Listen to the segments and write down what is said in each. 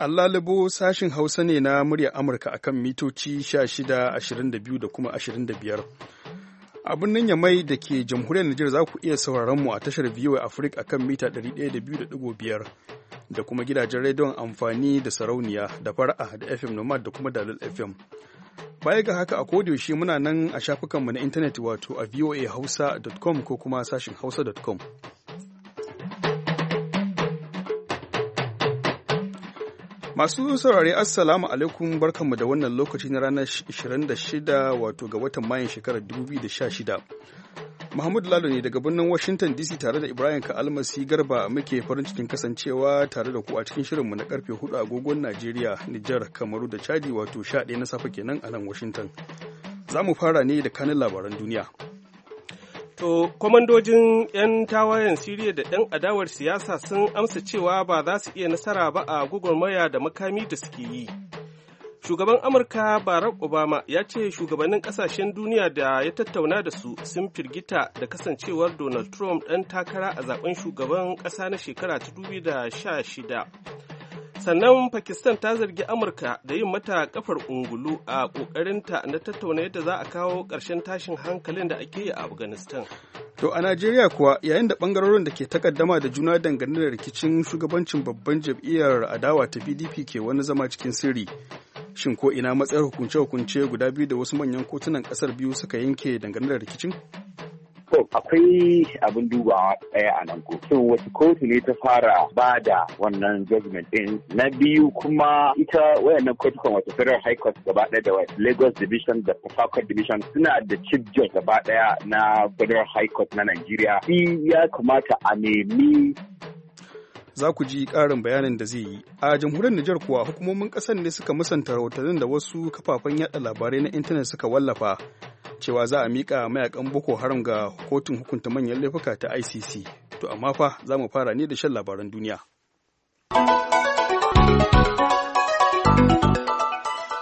Allah labo sashin Hausa ne na muryar Amurka akan mitoci 16, 22 da kuma 25. abin nan mai da ke jamhuriyar Nijar za ku iya sauraron mu a tashar VOA Africa akan mita 102.5 da kuma gidajen rediyon amfani da sarauniya da fara'a da FM Nomad da kuma Dalil FM. Baya ga haka a kodiyoshi muna nan a shafukanmu na intanet wato a voahausa.com ko kuma sashin hausa.com. Masu saurare Assalamu alaikum barkanmu da wannan lokaci na ranar 26 wato ga watan Mayun shekarar 2016. Muhammadu Lalo ne daga birnin Washington DC tare da Ibrahim Ka'almasi Garba muke farin cikin kasancewa tare da ku a cikin shirinmu na karfe 4 agogon Najeriya, Nijar, Kamaru da Chadi wato 11 na safe kenan a nan Washington. Za mu fara ne da kanin labaran duniya. To, kwamandojin 'yan tawayen Siriya da 'yan adawar siyasa sun amsa cewa ba za su iya nasara ba a maya da makami da suke yi. Shugaban Amurka Barack Obama ya ce shugabannin kasashen duniya da ya tattauna da su sun firgita da kasancewar Donald Trump ɗan takara a zaben shugaban ƙasa na shekara ta 2016. sannan pakistan ta zargi amurka da yin mata kafar ungulu a kokarinta na tattauna yadda za a kawo ƙarshen tashin hankalin da ake yi a afghanistan to a najeriya kuwa yayin da bangarorin da ke takaddama da juna dangane da rikicin shugabancin babban jam'iyyar adawa ta pdp ke wani zama cikin sirri shin ko ina matsayar hukunce-hukunce guda biyu da wasu manyan kotunan kasar biyu suka yanke dangane da rikicin To akwai abin dubawa ɗaya a nan ko. Shin wasu kotu ne ta fara ba da wannan judgment ɗin? Na biyu kuma ita wayannan kotukan wata Federal High Court gaba ɗaya da Lagos Division da Port Division suna da Chief Judge gaba ɗaya na Federal High Court na Najeriya. Shi ya kamata a nemi za ku ji ƙarin bayanin da zai yi a jamhuriyar Nijar kuwa hukumomin ƙasar ne suka musanta rahotannin da wasu kafafen yada labarai na intanet suka wallafa cewa za a miƙa mayakan boko haram ga kotun hukunta manyan laifuka ta icc to amma fa za mu fara ne da shan labaran duniya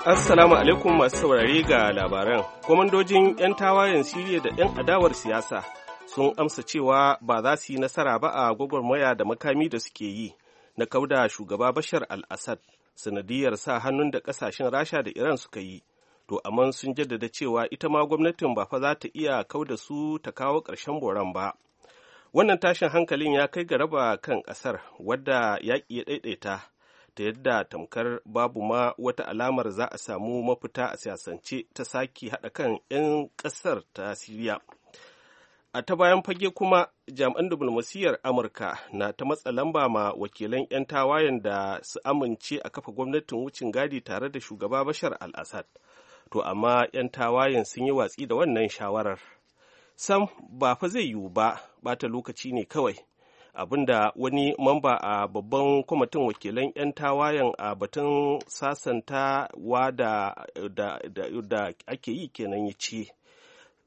assalamu alaikum masu saurare ga labaran kwamandojin 'yan tawayen siriya da 'yan adawar siyasa sun amsa cewa ba za su yi nasara ba a gwagwarmaya da makami da suke yi na kauda shugaba bashar al-assad sanadiyar sa hannun da kasashen rasha da iran suka yi to amma sun jaddada cewa ita ma gwamnatin ba fa za ta iya kau da su ta kawo ƙarshen boran ba wannan tashin hankalin ya kai ga kan ƙasar wadda yaƙi ya ɗaiɗaita ta yadda tamkar babu ma wata alamar za a samu mafita a siyasance ta sake haɗa kan 'yan ƙasar ta siriya a ta bayan fage kuma jami'an diflomasiyyar amurka na ta matsa lamba ma wakilan 'yan tawayen da su amince a kafa gwamnatin wucin gadi tare da shugaba bashar al-assad to amma 'yan tawayen sun yi watsi da wannan shawarar sam ba fa zai yiwu ba bata lokaci ne kawai abinda wani mamba a babban kwamitin wakilan 'yan tawayen a batun sasanta wa da, ake yi kenan ya ce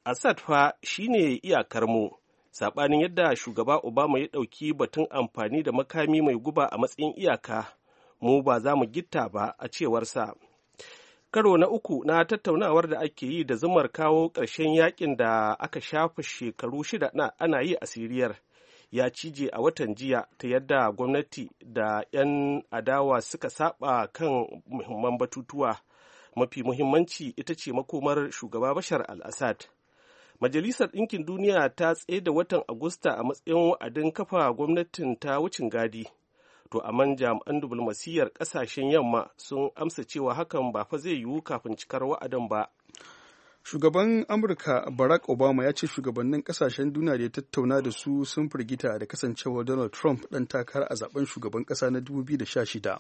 assad fa shine iyakar mu saɓanin yadda shugaba obama ya ɗauki batun amfani da makami mai guba a matsayin iyaka mu ba za mu gitta ba a cewarsa. karo na uku na tattaunawar da ake yi da zumar kawo ƙarshen yakin da aka shafa shekaru shida na ana yi a siriyar ya cije a watan jiya ta yadda gwamnati da 'yan adawa suka saba kan muhimman batutuwa mafi muhimmanci ita ce makomar shugaba bashar al-assad majalisar ɗinkin duniya ta tsaye da watan agusta a matsayin wa'adin kafa gwamnatin ta wucin gadi to man jami'an diflomasiyyar kasashen yamma sun amsa cewa hakan ba fa zai yiwu kafin cikar wa'adin ba shugaban amurka barack obama ya ce shugabannin kasashen duniya da ya tattauna da su sun firgita da kasancewar donald trump dan takara a zaben shugaban kasa na 2016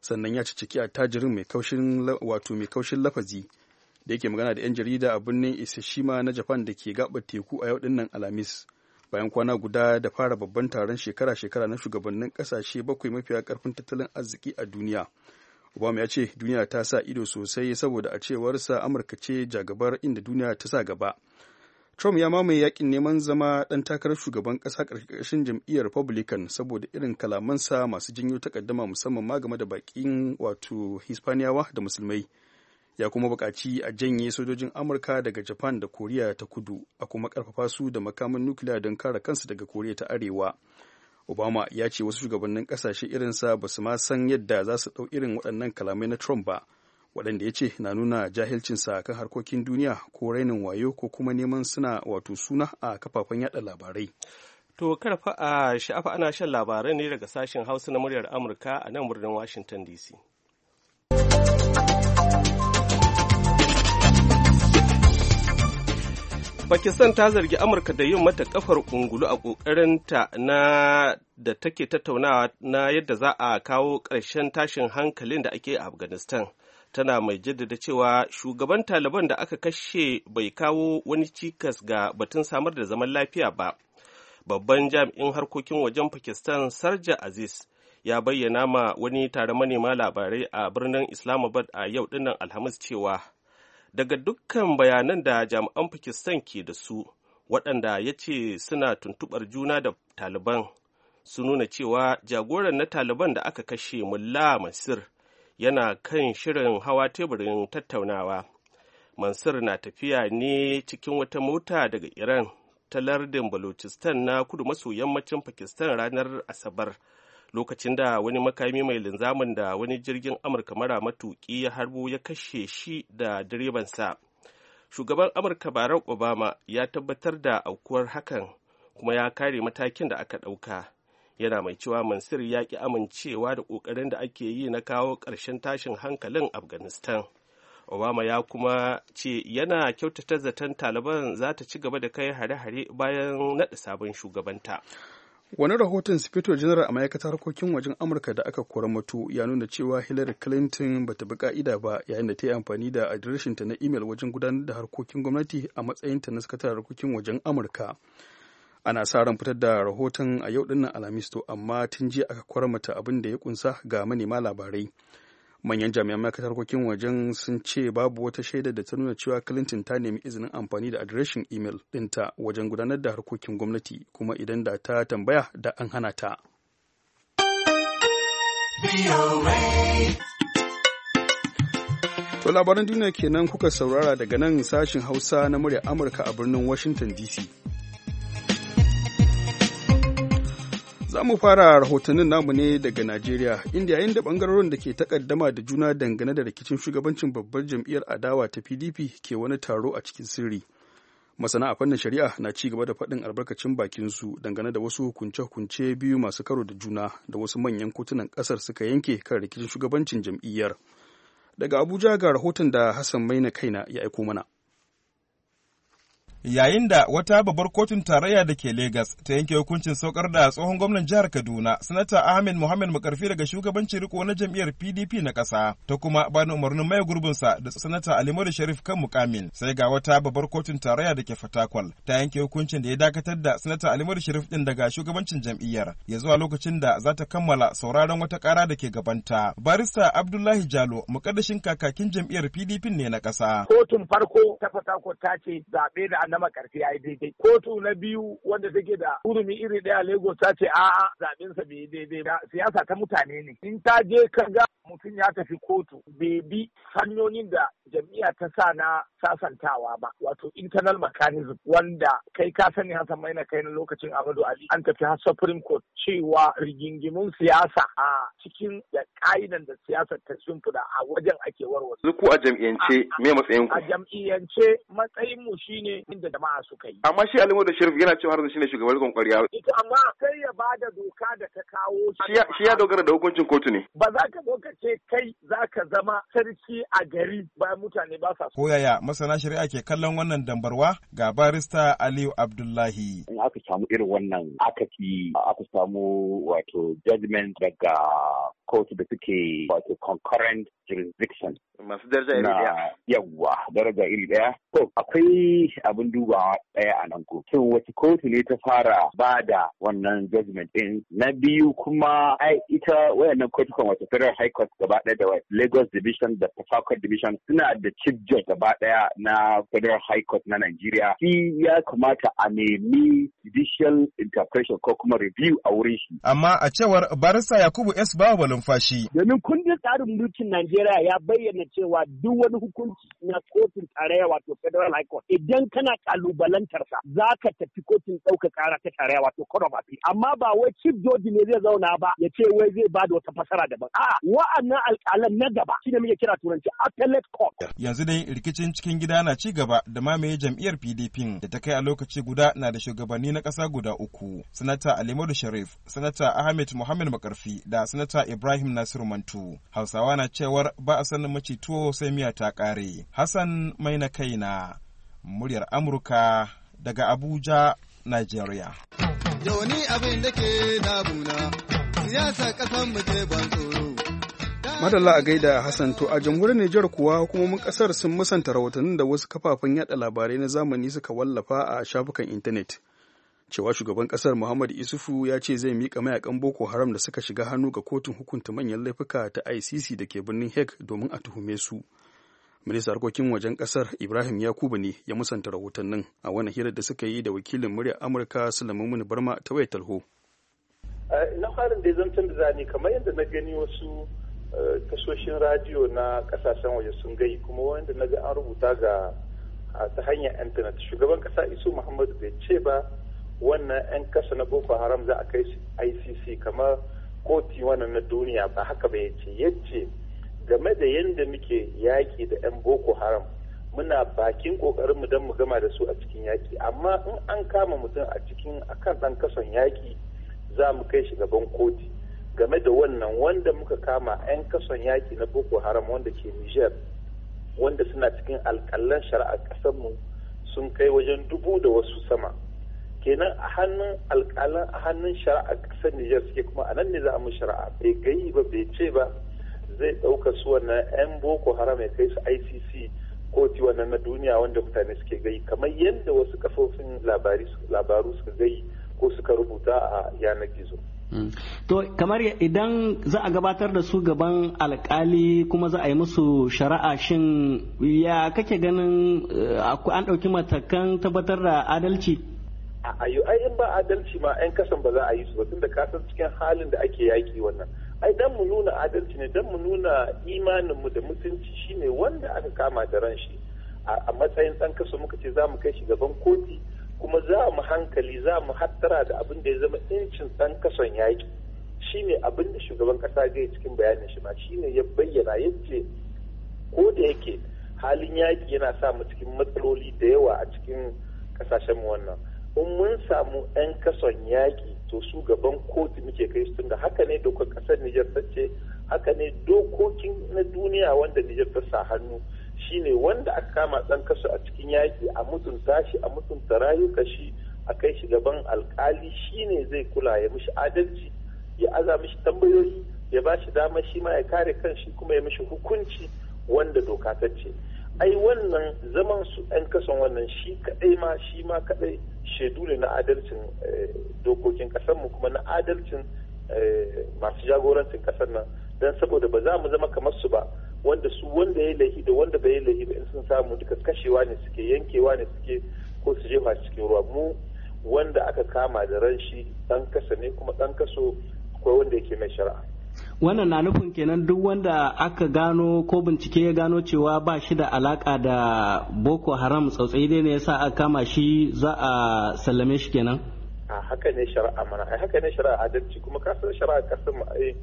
sannan ya ci ciki a tajirin mai kaushin wato mai kaushin lafazi da yake magana da 'yan jarida a birnin isashima na japan da ke gabar teku a yau dinnan alamis alhamis bayan kwana guda da fara babban taron shekara-shekara na shugabannin kasashe bakwai mafiya karfin tattalin arziki a duniya obama ya ce duniya ta sa ido sosai saboda a cewarsa amurka ce jagabar inda duniya ta sa gaba trump ya mamaye yakin neman zama ɗan takarar shugaban ƙasa karkashin jam'iyyar republican saboda irin kalamansa masu janyo takaddama musamman ma game da baƙin wato hispaniyawa da musulmai ya kuma buƙaci a janye sojojin amurka daga japan da koriya ta kudu a kuma karfafa su da makaman nukiliya don kare kansu daga koriya ta arewa obama ya ce wasu shugabannin ƙasashe irinsa ba su ma san yadda za su ɗau irin waɗannan kalamai na trump ba waɗanda ya ce na nuna jahilcinsa kan harkokin duniya ko rainin wayo ko kuma neman suna wato suna a kafafen yada labarai to karfa a sha'afa ana shan labarai ne daga sashen hausa na muryar amurka a nan birnin washington dc Pakistan ta zargi Amurka da yin mata kafar ungulu a ƙoƙarinta na da take tattaunawa na yadda za a kawo ƙarshen tashin hankalin da ake a Afghanistan. Tana mai jaddada cewa shugaban Taliban da aka kashe bai kawo wani cikas ga batun samar da zaman lafiya ba. Babban jami'in harkokin wajen Pakistan Sarja Aziz ya bayyana ma wani tare manema labarai a birnin Islamabad a yau dinnan Alhamis cewa daga dukkan bayanan da jami'an pakistan ke da su waɗanda ya ce suna tuntuɓar juna da taliban su nuna cewa jagoran na taliban da aka kashe mulla masir yana kan shirin hawa teburin tattaunawa mansur na tafiya ne cikin wata mota daga iran ta lardin balochistan na kudu maso yammacin pakistan ranar asabar lokacin da wani makami mai linzamin da wani jirgin amurka mara matuki ya harbo ya kashe shi da direbansa shugaban amurka barack obama ya tabbatar da aukuwar hakan kuma ya kare matakin da aka ɗauka yana mai cewa mansur ya ƙi amincewa da ƙoƙarin da ake yi na kawo ƙarshen tashin hankalin afghanistan obama ya kuma ce yana kyautata zaton taliban za ta ci gaba da kai hare-hare bayan naɗa sabon shugabanta wani rahoton sifito General a ma'aikatar harkokin wajen amurka da aka kora mutu ya nuna cewa hillary clinton ba ta bi ka'ida ba yayin da ta yi amfani da adireshinta na imel wajen gudanar da harkokin gwamnati a matsayinta na sakatar harkokin wajen amurka ana sa ran fitar da rahoton a yau dinnan alhamis to amma tun jiya aka kora mata abin da ya kunsa ga manema labarai manyan jami'an ma'aikatar harkokin wajen sun ce babu wata shaida da ta nuna cewa clinton ta nemi izinin amfani da adireshin imel ɗinta wajen gudanar da harkokin gwamnati kuma idan da ta tambaya da an hana ta To labaran duniya kenan kuka saurara daga nan sashin Hausa na murya Amurka a birnin Washington DC. Za mu fara rahotannin namu ne daga Najeriya, inda yayin da bangarorin da ke takaddama da juna dangane da rikicin shugabancin babbar jam'iyyar adawa ta PDP ke wani taro a cikin sirri. Masana a fannin shari'a na ci gaba da faɗin albarkacin su dangane da wasu hukunce-hukunce biyu masu karo da juna da wasu manyan kotunan ƙasar suka yanke kan rikicin shugabancin jam'iyyar. Daga Abuja ga rahoton da Hassan Maina kaina ya aiko mana. yayin da wata babbar kotun tarayya da ke Legas ta yanke hukuncin saukar da tsohon gwamnan jihar Kaduna, Sanata Ahmed Muhammad Makarfi daga shugabancin riko na jam'iyyar PDP na ƙasa, ta kuma bani umarnin mai sa da Sanata Alimadu Sharif kan mukamin. Sai ga wata babbar kotun tarayya da ke Fatakwal ta yanke hukuncin da ya dakatar da Sanata Alimadu Sharif din daga shugabancin jam'iyyar ya zuwa lokacin da za ta kammala sauraron wata ƙara da ke gabanta. Barista Abdullahi Jalo, mukaddashin kakakin jam'iyyar PDP ne na ƙasa. Kotun farko ta Fatakwal ta ce zaɓe da na makarfi ya yi daidai kotu na biyu wanda take da hurumi iri ɗaya lagos ta ce a'a zaben bai yi daidai ba siyasa ta mutane ne in ta je ka ga mutum ya tafi kotu bai bi hanyoyin da jam'iyya ta sa na sasantawa ba wato internal mechanism wanda kai ka sani mai maina kai na lokacin amadu ali an tafi har supreme court cewa rigingimun siyasa a cikin da ka'idan da siyasa ta shimfida a wajen ake warware. Zuku a jam'iyyance me matsayin ku? A jam'iyyance matsayin mu shine da jama'a suka yi. Amma shi Alimu da Sharif yana cewa har shi ne shugaban rikon kwariya. Ita amma sai ya ba da doka da ta kawo shi. ya dogara da hukuncin kotu ne. Ba za ka zo ce kai za ka zama sarki a gari bayan mutane ba sa. Ko yaya masana shari'a ke kallon wannan dambarwa ga barista Aliyu Abdullahi. In aka samu irin wannan aka ki aka samu wato judgment daga kotu da suke wato concurrent jurisdiction. Masu daraja iri daya. Yawwa daraja iri daya. To akwai abin dubawa ɗaya a nan kotu. Shin wace kotu ne ta fara ba da wannan judgment ɗin? Na biyu kuma ai ita wayannan kan wata Federal High Court gaba ɗaya da Lagos Division da Port Division suna da Chief Judge gaba ɗaya na Federal High Court na Nigeria. Shi ya kamata a nemi judicial interpretation ko kuma review a wurin shi. Amma a cewar Barista Yakubu S. Bawa Lumfashi. Domin kundin tsarin mulkin Najeriya ya bayyana cewa duk wani hukunci na kotun tarayya wato Federal High Court idan kana kalubalantarsa za ka tafi kotun ɗauka ƙara ta tarayya wato court of appeal amma ba wai chief judge ne zai zauna ba ya ce wai zai ba da wata fasara daban a wa'annan alƙalan na gaba shine muke kira turanci appellate court yanzu dai rikicin cikin gida na ci gaba da mamaye jam'iyyar PDP da ta kai a lokaci guda na da shugabanni na ƙasa guda uku sanata Alimadu Sharif sanata Ahmed Muhammad Makarfi da sanata Ibrahim Nasiru Mantu Hausawa na cewar ba a sanin maci tuwo sai miya ta ƙare Hassan Maina kaina muryar Amurka daga Abuja, Nigeria. Yawani abin da ke damuna, Madalla a gaida Hassan to a jamhuriyar Nijar kuwa hukumomin kasar sun musanta rahotannin da wasu kafafen yada labarai na zamani suka wallafa a shafukan intanet. Cewa shugaban kasar Muhammad Isufu ya ce zai mika mayakan Boko Haram da suka shiga hannu ga kotun hukunta manyan laifuka ta ICC da ke birnin Hague domin a tuhume su. ministan harkokin wajen kasar ibrahim yakubu ne ya musanta rahotannin a wani hirar da suka yi da wakilin murya amurka sulaiman barma ta wayar talho na farin da zancen da zane kamar yadda na gani wasu eh, tashoshin radio na kasashen waje sun gai kuma wanda na ga an rubuta ga ta hanyar intanet shugaban ƙasa isu muhammadu bai ce ba wannan 'yan kasa na boko haram za a kai icc kamar koti wannan na duniya ba haka ba ya ce yace game da yadda muke yaƙi da 'yan boko haram muna bakin ƙoƙarinmu don mu gama da su a cikin yaƙi amma in an kama mutum a cikin akan ɗan kason yaƙi za mu kai shi gaban koti game da wannan wanda muka kama 'yan kason yaƙi na boko haram wanda ke niger wanda suna cikin alƙalan shari'a ƙasarmu sun kai wajen dubu da wasu sama kenan a hannun alƙalan a hannun shari'a ƙasar niger suke kuma a nan ne za mu shari'a bai gayi ba bai ce ba zai ɗauka su wannan 'yan boko haram ya kai su icc koti wannan na duniya wanda mutane suke gai kamar yadda wasu kafofin labaru suka gai ko suka rubuta a yanar gizo mm. to kamar idan za a gabatar da su gaban alkali kuma za a yi musu shari'a shin ya kake ganin eh, an ɗauki matakan tabbatar da adalci a ba adalci ma 'yan kasan ba za a yi su ba tun ka san cikin halin da ake yaki wannan ai dan mu nuna adalci ne dan mu nuna imanin mu da mutunci shine wanda aka kama da ran shi a matsayin dan kaso muka ce za mu kai shi gaban koti kuma za mu hankali za mu hattara da abin da ya zama incin dan kason yaki shine abin da shugaban kasa zai cikin bayanin shi ma shine ya bayyana yace ko da yake halin yaki yana sa mu cikin matsaloli da yawa a cikin kasashen mu wannan in mun samu 'yan kason yaki to su gaban kotu muke kai su tunda haka ne dokar kasar Nijar ta ce haka ne dokokin na duniya wanda Nijar ta sa hannu shine wanda aka kama dan kasu a cikin yaki a mutunta shi a mutunta rayuka shi a kai shi gaban alkali shine zai kula ya mishi adalci ya aza mishi tambayoyi ya ba shi damar shi ma ya kare kanshi kuma ya mishi hukunci wanda doka ta ce ai wannan zaman su 'yan kasan wannan shi kadai ma shi ma kadai shaidu ne na adalcin eh, dokokin mu kuma na adalcin eh, masu jagorancin kasar nan don saboda ba za mu zama kamar su ba wanda su wanda ya lahi da wanda bai lahi ba in sun samu duka kashewa ne suke yankewa ne suke ko su jefa cikin ruwa mu wanda aka kama da ran shi dan kasa ne kuma ɗan kaso akwai wanda yake mai shari'a wannan na nufin kenan duk wanda aka gano ko bincike ya gano cewa ba shi da alaka da boko haram tsautsayi dai ne yasa aka kama shi za a sallame shi kenan a haka ne shari'a mana a haka ne shari'a adalci kuma ka san shari'a kasan mu ai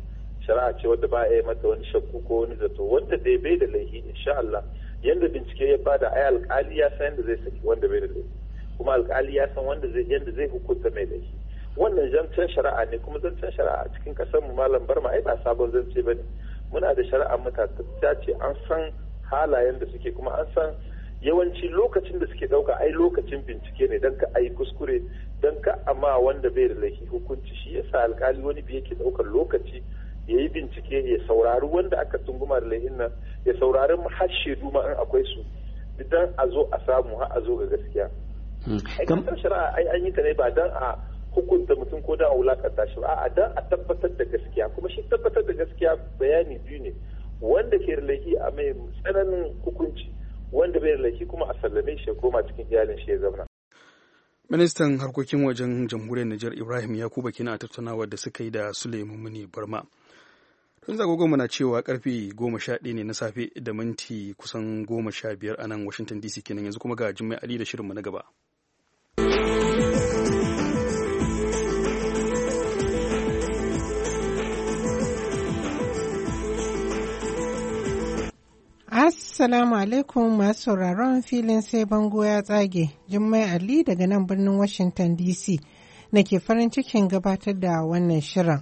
shari'a ce wanda ba a yi mata wani shakku ko wani zato wanda dai bai da laifi insha Allah yanda bincike ya bada ai alƙali ya san yanda zai saki wanda bai da laifi kuma alƙali ya san wanda zai yanda zai hukunta mai laifi wannan zancen shari'a ne kuma zancen shari'a a cikin kasar mu malam barma ai ba sabon zance bane muna da shari'a matatacciya ce an san halayen da suke kuma an san yawanci lokacin da suke dauka ai lokacin bincike ne don ka ai kuskure don ka amma wanda bai da laifi hukunci shi yasa alkali wani bi yake daukar lokaci ya yi bincike ya saurari wanda aka tunguma da laifin nan ya saurari har shaidu ma in akwai su idan a zo a samu har a zo ga gaskiya. Hmm. Kamar shari'a ai an yi ta ne ba dan a hukunta mutum ko da a wulakanta shi a'a da a tabbatar da gaskiya kuma shi tabbatar da gaskiya bayani biyu ne wanda ke da laifi a mai tsananin hukunci wanda bai da laifi kuma a sallame shi ya koma cikin iyalin shi ya zauna ministan harkokin wajen jamhuriyar niger Ibrahim Yakuba kina tattaunawa da suka yi da Suleiman Muni Barma. Tun zagogonmu na cewa karfe goma sha ɗaya ne na safe da minti kusan goma sha biyar a nan Washington DC kenan yanzu kuma ga Jummai Ali da shirinmu na gaba. Assalamu alaikum masu sauraron filin sai bango ya tsage, Jummai Ali daga nan birnin Washington DC ke farin cikin gabatar da wannan shirin.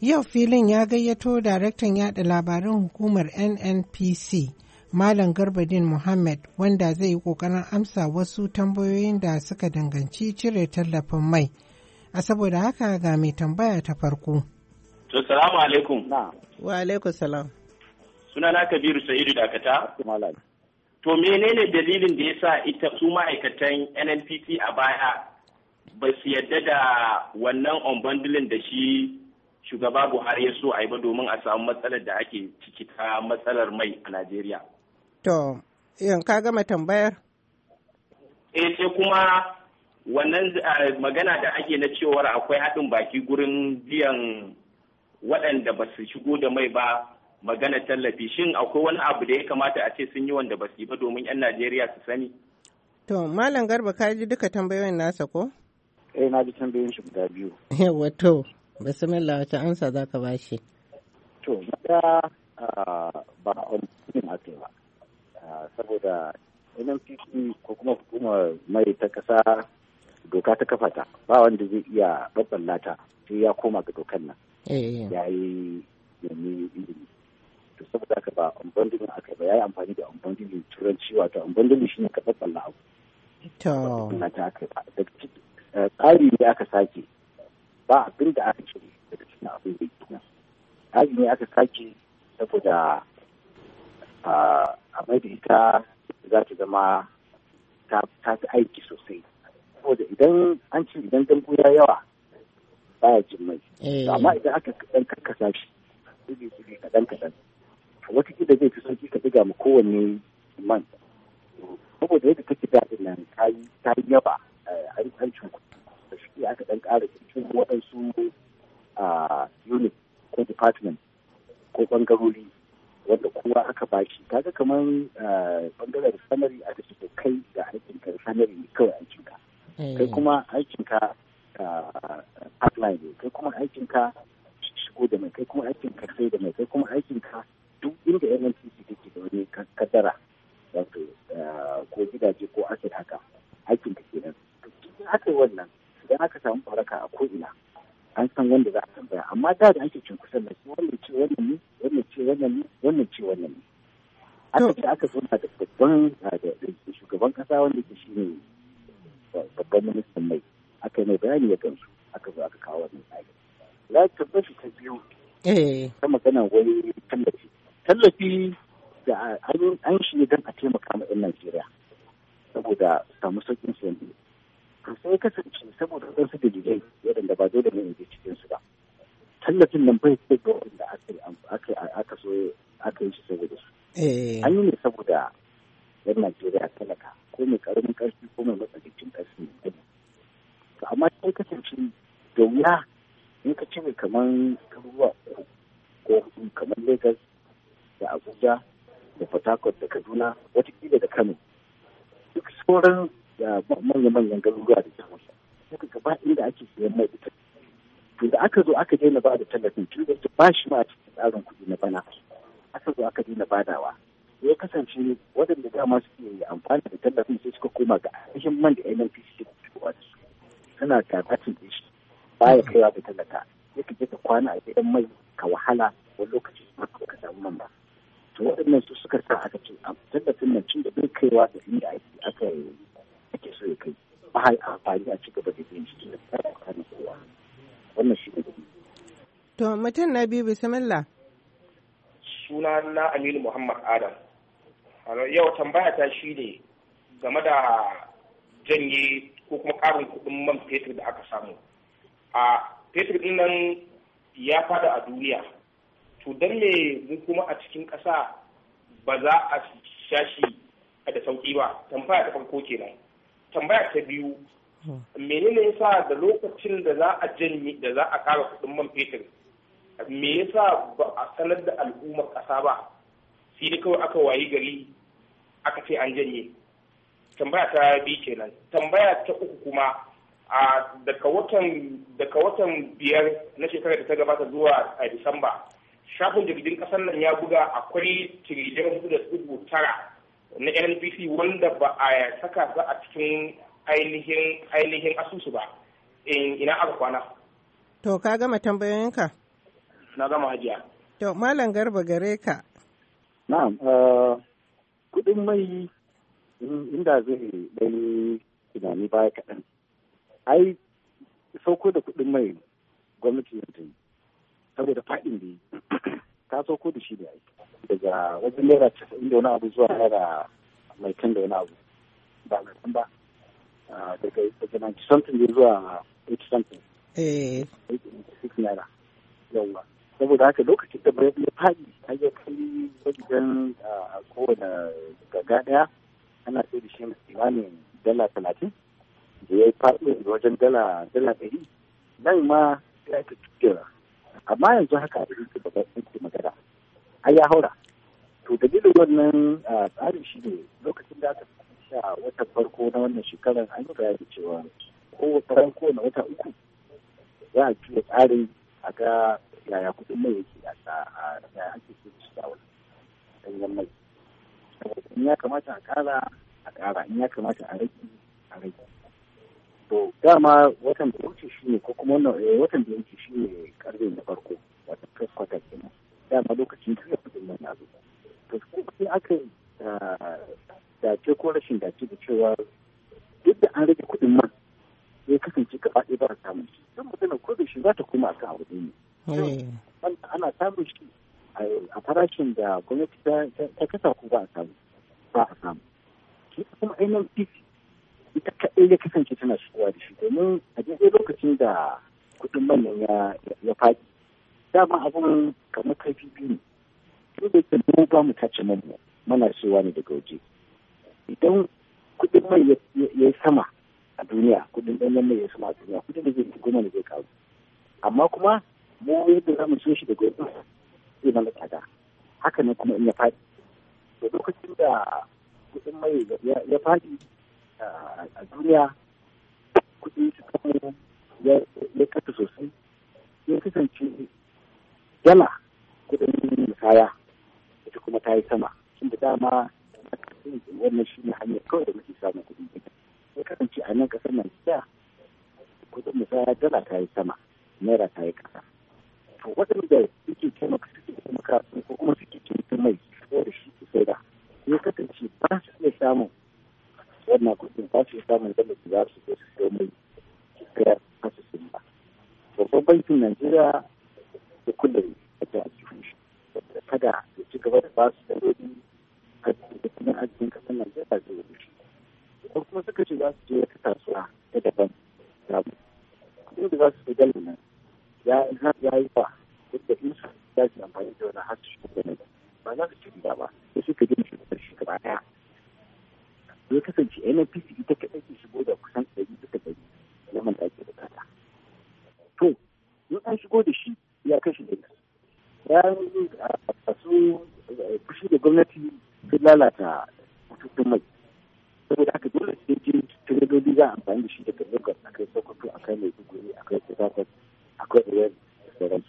Yau filin ya gayyato daraktan yada labarin hukumar NNPC, Malam Garbadin Muhammad wanda zai yi ƙoƙarin amsa wasu tambayoyin da suka danganci cire tallafin mai. A saboda haka ga mai tambaya ta farko. Assalamu alaikum. Wa alaikum salam. na Kabiru Sa'idu Dakata. To menene dalilin da yasa ita su ma'aikatan NNPT a baya ba su yadda da wannan unbundling da shi shugaba Buhari ya so a yi ba domin a samu matsalar da ake ciki ta matsalar mai a Najeriya. To, yin ka gama tambayar? Eh sai kuma wannan eh, magana da ake na cewar akwai haɗin baki gurin biyan waɗanda ba su shigo da mai ba magana tallafi shin akwai wani abu da ya kamata a ce sun yi wanda ba su yi ba domin 'yan Najeriya su sani? To, Malam Garba ka ji duka tambayoyin nasa ko? Eh, na ji tambayoyin shi guda biyu. Yawwa, to, bismillah wace ansa za ka bashi. To, na ga ba olympic ake ba, saboda NMPC ko kuma hukumar mai ta kasa doka ta kafa ta ba wanda zai iya babban ta sai ya koma ga dokan nan. Eh, eh. Ya yi ilimi to saboda ka ba unbundling ka ba ya yi amfani da unbundling turanci wato unbundling shine ka tsatsalla abu to na ta aka tsari ne aka sake ba abin da aka ce daga cikin abin da yake tsari ne aka sake saboda a mai da ita za ta zama ta fi aiki sosai saboda idan an ce idan dambu ya yawa baya jin mai eh. amma idan aka dan karkasa shi kaɗan kaɗan watakila zai fi sauki ka buga mu kowanne man saboda yadda take daɗin nan ta yi yaba eh, an an da shi aka ɗan ƙara cikin waɗansu unit ko department ko ɓangarori wanda kowa aka bashi eh, ga kamar ɓangaren sanari a da suke kai da aikin ka sanari ne kawai aikin ka eh. kai kuma aikin ka pipeline ne kai kuma aikin ka shigo da mai kai kuma aikin ka sai da mai kai kuma aikin ka duk inda nnpc take da wani kaddara wato eh, ko gidaje ko asir haka aikin ta kenan cikin aka yi wannan idan aka samu baraka a ko ina an san wanda za a tambaya amma da da ake cin kusan nan wannan ce wannan ne wannan ce wannan ne wannan ce wannan ne aka ce aka suna da babban shugaban kasa wanda ke shine babban ministan mai aka yi mai bayani ya gamsu aka zo aka kawo wannan tsari za ta bashi ta biyu eh. ta magana wani tallafi tallafi da an shi don a taimaka ma 'yan Najeriya saboda samu sauƙin siyan to sai kasance saboda wasu dalilai waɗanda ba dole ne ne cikin su ba tallafin nan bai kai ga wanda aka aka so aka yi shi saboda su eh. an yi ne saboda yan Najeriya talaka ko mai karamin ƙarfi ko mai matsakaicin ƙarfi ne to amma sai kasance da wuya in ka ce mai kaman ruwa ko kamar Lagos da abuja da fatakot da kaduna watakila da kano duk sauran da manya-manyan garuruwa da jihar suka gaba inda ake siyan mai ita to da aka zo aka daina ba da tallafin tun da ba shi ma a cikin tsarin kuɗi na bana aka zo aka daina badawa ya kasance waɗanda dama suke amfani da tallafin sai suka koma ga ainihin man da NNPC ke fitowa da su suna takatin da shi baya kaiwa da tallata ya kaje ka kwana a gidan mai ka wahala wani lokaci ba ka samu man ba to waɗannan su suka sa aka ce a tallafin nan cin da bai kaiwa da inda ake aka ake so ya kai ba a amfani a ci gaba da yin shi da tsakanin kowa wannan shi ne to mutum na biyu bismillah suna na aminu muhammad adam yau tambaya ta shi ne game da janye ko kuma ƙarin kuɗin man fetur da aka samu a fetur ɗin nan ya fada a duniya to dan me mu kuma a cikin ƙasa ba za a shashi da sauƙi ba tambaya ta farko kenan tambaya ta biyu menene yasa da lokacin da za a janye da za a kara kuɗin man fetur me yasa ba a sanar da al'ummar ƙasa ba sai da kawai aka wayi gari aka ce an janye tambaya ta biyu kenan tambaya ta uku kuma a daga watan biyar na shekarar da ta gabata zuwa a disamba shafin jirgin kasar nan ya buga akwai tirijen hudu da dubu tara na nnpc wanda ba a saka za a cikin ainihin ainihin asusu ba ina aka kwana to ka gama tambayoyinka na gama hajiya to malam garba gare ka na'am eh, kudin mai inda zai dai tunani baya kaɗan ai sauko da kudin mai gwamnati yanzu saboda faɗin da yi ta ko da shi da yi daga wajen naira casa'in da wani abu zuwa naira mai kan da wani abu ba mai kan ba ah, daga daga ci something da zuwa eighty something eh six naira yawa saboda haka lokacin da bai ya faɗi a yi kai wajen ah, kowane gaga ɗaya ana sai da shi imanin dala talatin da ya yi faɗi wajen dala dala ɗari nan ma ya ka tukera amma yanzu haka a cikin shugaban yake magana a ya haura to dalilin wannan tsarin shi ne lokacin da aka sha watan farko na wannan shekarar an yi bayani cewa ko wata ko na wata uku za a juya tsarin a ga yaya kuɗin mai yake a yaya ake so shi da wani ɗanyen mai ya kamata a ƙara a ƙara in ya kamata a rage a rage to dama watan da wuce shi ne ko kuma wannan eh, watan da wuce shi ne karfe na farko wata kaskwata ke nan dama lokacin kira kudin nan na zuwa to sai aka ah, dace ko rashin dace da cewa duk da an rage kudin man ya kasance gaba ɗaya ba a samun shi don maganar ko da shi za ta koma kan abu ne mm. ana samun shi a farashin da gwamnati ta kasa ko ba a samu ba a samu shi kuma ainihin pc ita kaɗai ya kasance tana shigowa da shi domin a daidai lokacin da kuɗin manyan ya faɗi dama abin kamar kaifi biyu ne tun da yake mu ba mu tace man mu mana cewa ne daga waje idan kuɗin mai ya yi sama a duniya kuɗin ɗanyen mai ya sama a duniya kuɗin da zai fi goma da zai kawo amma kuma mu yadda za mu so shi daga waje zai mana tsada haka nan kuma in ya faɗi da lokacin da kuɗin mai ya faɗi a duniya kuɗi su ya kasa sosai ya kasance yana kuɗin misaya ita kuma ta yi sama tun da dama wannan shi ne hanyar kawai da muke samun kuɗi ya kasance a nan ƙasar najeriya kuɗin misaya dala ta yi sama naira ta yi ƙasa to waɗanda suke taimaka suke taimaka ko kuma suke cinikin mai sai da shi su sai da ya kasance ba su iya samun wannan kudin ba su samun da su za su ko su siyo mai kaya kasu sun ba babban bankin najeriya da kudin a ta ajiyun shi kada ya ci gaba da ba su da lodi a cikin ajiyar kasar najeriya zai yi shi ko kuma suka ce za su je ta kasuwa ta daban samu kudin da za su fi dalilin nan ya yi har ya yi fa duk da insu za su amfani da wani har su ba za su ci gida ba Su suka gina shi da shi gaba ɗaya. ya kasance nnpc ita ta ke shigo da kusan ɗari bisa ɗari na man da ake to in an shigo da shi ya kashe ɗari bayan su fushi da gwamnati sun lalata bututun mai saboda haka dole sai je tiradodi za a amfani da shi daga lagos akai sokoto a maiduguri akai a kai iran da sauran.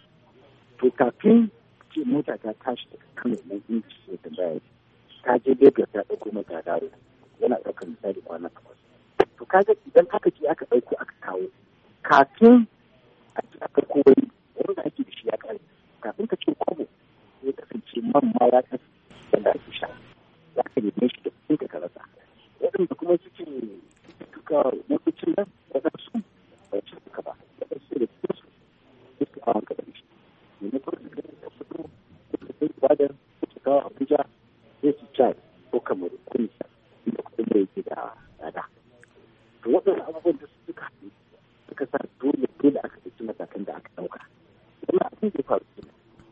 to kafin ce mota ta tashi daga kano na inci da baya ta je lagos ta ɗauko mata daro yana ɗaukar misali kwana takwas to kaga idan aka je aka ɗauko aka kawo kafin a ce aka kowai wanda ake da shi ya ƙare kafin ka ce kwabo ya kasance man ma ya kasance yadda ake sha za ka neme shi da kuɗin ka karasa waɗanda kuma suke duka motocin nan su ba ci duka ba su da cikin su suke kawo da shi ne kuma su gani da su ko su yi ibadan ko su kawo abuja sai su ca ko kamaru ko nisa da yake da tsada to waɗannan abubuwan da suka haɗu suka sa dole dole aka ɗauki matakan da aka ɗauka wannan abin da faru ne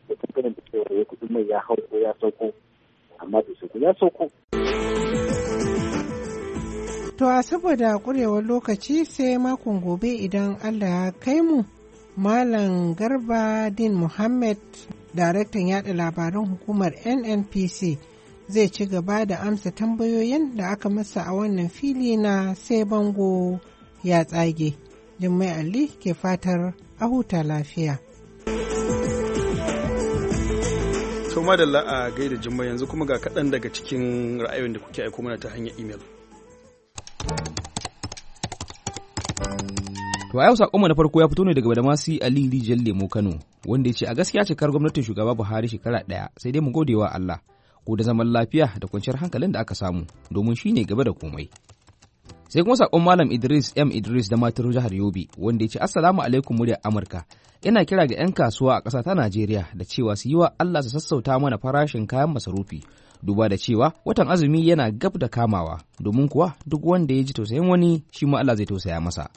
da tattalin da cewa ya kuɗin mai ya hau ko ya sauko amma bai sauko ya sauko. To a saboda ƙurewar lokaci sai makon gobe idan Allah ya kai mu Malam Garba Din Muhammad, daraktan yada labaran hukumar NNPC. zai ci gaba da amsa tambayoyin da aka masa a wannan fili na sai bango ya tsage. Jummai Ali ke fatar a huta lafiya. To madalla a gaida Jummai yanzu kuma ga kaɗan daga cikin ra'ayoyin da kuke aiko mana ta hanyar imel. To a yau sakonmu na farko ya fito ne daga Badamasi Ali Rijal Lemo Kano wanda ya ce a gaskiya cikar gwamnatin shugaba Buhari shekara ɗaya sai dai mu gode wa Allah ko da zaman lafiya da kwanciyar hankalin da aka samu domin shi ne gaba da komai. Sai kuma saƙon Malam Idris M. Idris da matar jihar Yobe wanda ya ce Assalamu alaikum muryar Amurka. yana kira ga 'yan kasuwa a ƙasa ta Najeriya da cewa su yi wa Allah su sassauta mana farashin kayan masarufi. Duba da cewa watan azumi yana gab da kamawa domin kuwa duk wanda ya ji tausayin wani shi ma Allah zai tausaya masa.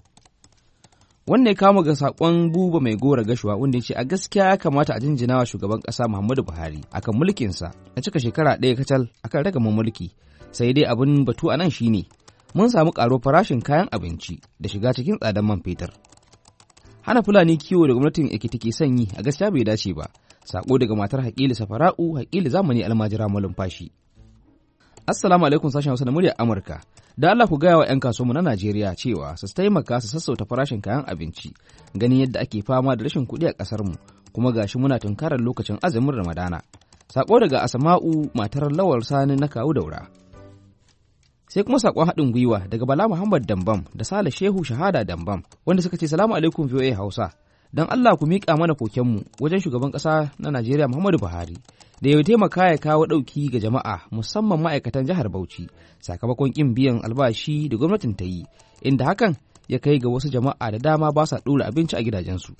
wannan ya kama ga sakon buba mai gora gashuwa wanda ya ce a gaskiya ya kamata a jinjina wa shugaban kasa muhammadu buhari akan mulkinsa na cika shekara ɗaya kacal akan ragamin mulki sai dai abin batu a nan shine mun samu karo farashin kayan abinci da shiga cikin tsadar man fetur hana fulani kiwo da gwamnatin ekiti ke sanyi a gaskiya bai dace ba sako daga matar haƙili safara'u haƙili zamani almajira malumfashi Assalamu alaikum sashen Hausa na murya Amurka. Da Allah ku gaya wa 'yan mu na Najeriya cewa su taimaka su sassauta farashin kayan abinci, ganin yadda ake fama da rashin kuɗi a mu kuma gashi muna tunkarar lokacin azumin Ramadana. Sako daga Asma'u matar Lawal Sani na kawu daura. sai kuma sakon haɗin gwiwa daga Bala Muhammad Dambam da Sale Shehu Shahada Dambam wanda suka ce salamu alaikum VOA Hausa dan Allah ku miƙa mana kokenmu wajen shugaban ƙasa na Najeriya Muhammadu Buhari da ya taimaka ya kawo ɗauki ga jama'a musamman ma'aikatan jihar Bauchi sakamakon ƙin biyan albashi da gwamnatin ta yi inda hakan ya kai ga wasu jama'a da dama ba sa ɗora abinci a gidajensu.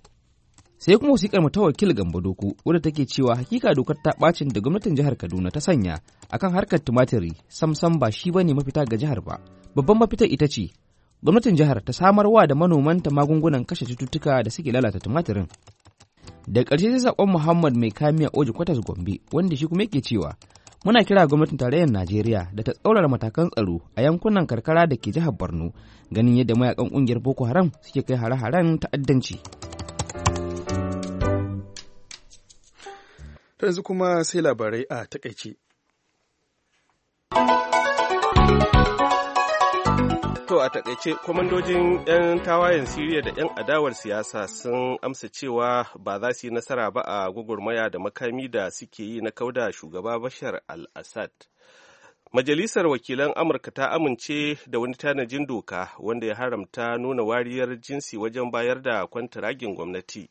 Sai kuma wasiƙar mu ta wakil Gambo Doko wadda take cewa hakika dokar ta ɓacin da gwamnatin jihar Kaduna ta sanya akan harkar tumatiri samsam ba shi bane mafita ga jihar ba. Babban mafitar ita ce gwamnatin jihar ta samarwa da manomanta magungunan kashe cututtuka da suke lalata tumatirin da ƙarshe sai saƙon muhammad mai kamiya oji kwatas gombe wanda shi kuma yake cewa muna kira gwamnatin tarayyar najeriya da ta tsaurara matakan tsaro a yankunan karkara da ke jihar borno ganin yadda mayakan ƙungiyar boko haram suke kai hare-haren ta'addanci yanzu kuma sai labarai a takaice a takaice kwamandojin 'yan tawayen Siriya da 'yan adawar siyasa sun amsa cewa ba za su yi nasara ba a gwagwarmaya da makami da suke yi na kauda shugaba Bashar al-Assad. Majalisar wakilan Amurka ta amince da wani tanajin doka wanda ya haramta nuna wariyar jinsi wajen bayar da kwantaragin gwamnati.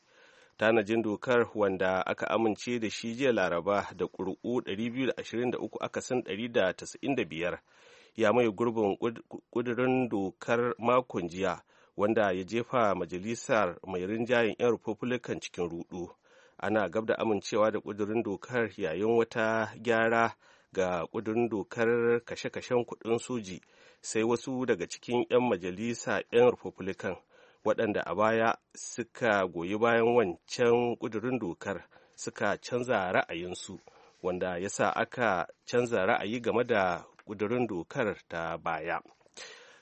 Tanajin dokar wanda aka amince da shi jiya Laraba da ƙuri'u 223 akasin 195 ya mai gurbin kudurin dokar makon jiya wanda ya jefa majalisar mai rinjayen 'yan republican cikin rudu ana gab da amincewa da kudirin dokar yayin wata gyara ga kudurin dokar kashe-kashen kudin soji sai wasu daga cikin 'yan majalisa 'yan republican waɗanda a baya suka goyi bayan wancan kudirin dokar suka canza ra'ayinsu wanda ya sa aka canza ra'ayi game da ƙudurin dokar ta baya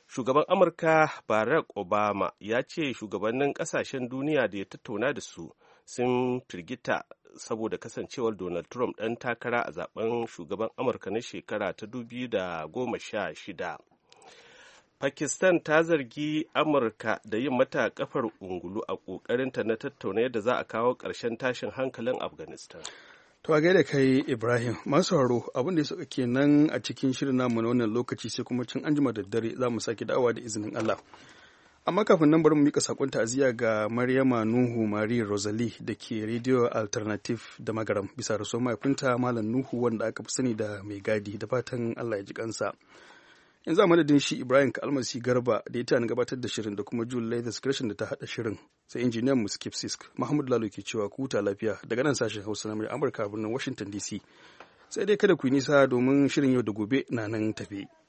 shugaban amurka barack obama ya ce shugabannin ƙasashen duniya da ya tattauna da su sun firgita saboda kasancewar donald trump ɗan takara a zaben shugaban amurka na shekara ta 2016 pakistan ta zargi amurka da yin mata kafar ungulu a ƙoƙarinta na tattauna yadda za a kawo ƙarshen tashin hankalin afghanistan To a da kai Ibrahim masu haro abin da ya sauka kenan a cikin shirin namu na wannan lokaci sai kuma cin anjima da dare za mu sake dawowa da izinin Allah. Amma kafin nan bari mu mika sakon ta'aziyya ga Maryama Nuhu Marie Rosalie da ke Radio Alternative da Magaram bisa rasuwar mahaifinta Malam Nuhu wanda aka fi sani da mai gadi da fatan Allah ya ji kansa. in za madadin shi ibrahim kalmasi garba da ya tana gabatar da shirin da kuma jule lathis gresham da ta hada shirin sai injiniyan mu skip sisk mahmud lalo ke cewa ku lafiya daga nan sashen hausa na amurka birnin washington dc sai dai kada ku yi nisa domin shirin yau da gobe na nan tafi.